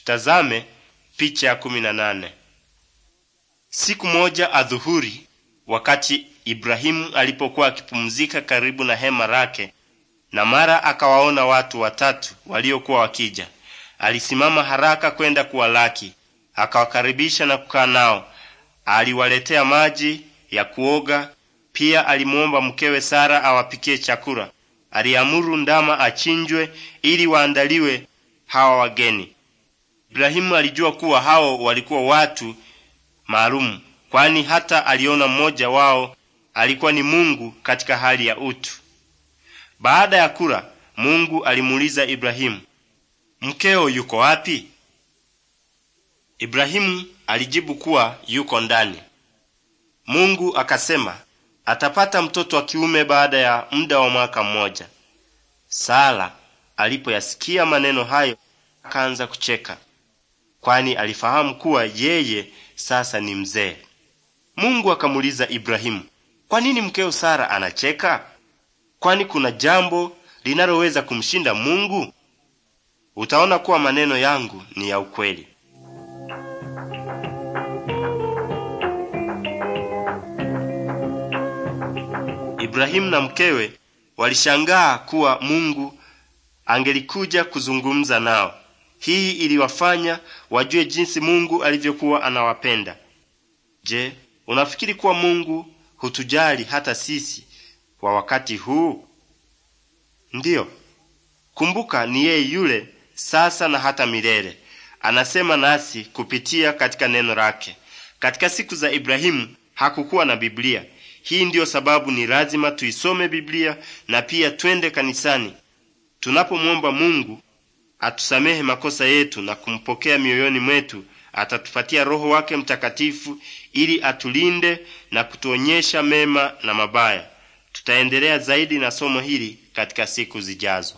Tutazame picha ya kumi na nane. Siku moja adhuhuri, wakati Ibrahimu alipokuwa akipumzika karibu na hema lake, na mara akawaona watu watatu waliokuwa wakija, alisimama haraka kwenda kuwalaki. Akawakaribisha na kukaa nao, aliwaletea maji ya kuoga. Pia alimwomba mkewe Sara awapikie chakula. Aliamuru ndama achinjwe ili waandaliwe hawa wageni. Ibrahimu alijua kuwa hao walikuwa watu maalumu, kwani hata aliona mmoja wao alikuwa ni Mungu katika hali ya utu. Baada ya kula, Mungu alimuuliza Ibrahimu, mkeo yuko wapi? Ibrahimu alijibu kuwa yuko ndani. Mungu akasema atapata mtoto wa kiume baada ya muda wa mwaka mmoja. Sara alipoyasikia maneno hayo akaanza kucheka kwani alifahamu kuwa yeye sasa ni mzee. Mungu akamuuliza Ibrahimu, kwa nini mkeo Sara anacheka? Kwani kuna jambo linaloweza kumshinda Mungu? Utaona kuwa maneno yangu ni ya ukweli. Ibrahimu na mkewe walishangaa kuwa Mungu angelikuja kuzungumza nao. Hii iliwafanya wajue jinsi Mungu alivyokuwa anawapenda. Je, unafikiri kuwa Mungu hutujali hata sisi wa wakati huu? Ndiyo, kumbuka, ni yeye yule sasa na hata milele. Anasema nasi kupitia katika neno lake. Katika siku za Ibrahimu hakukuwa na Biblia. Hii ndiyo sababu ni lazima tuisome Biblia na pia twende kanisani tunapomwomba Mungu atusamehe makosa yetu na kumpokea mioyoni mwetu, atatupatia Roho wake Mtakatifu ili atulinde na kutuonyesha mema na mabaya. Tutaendelea zaidi na somo hili katika siku zijazo.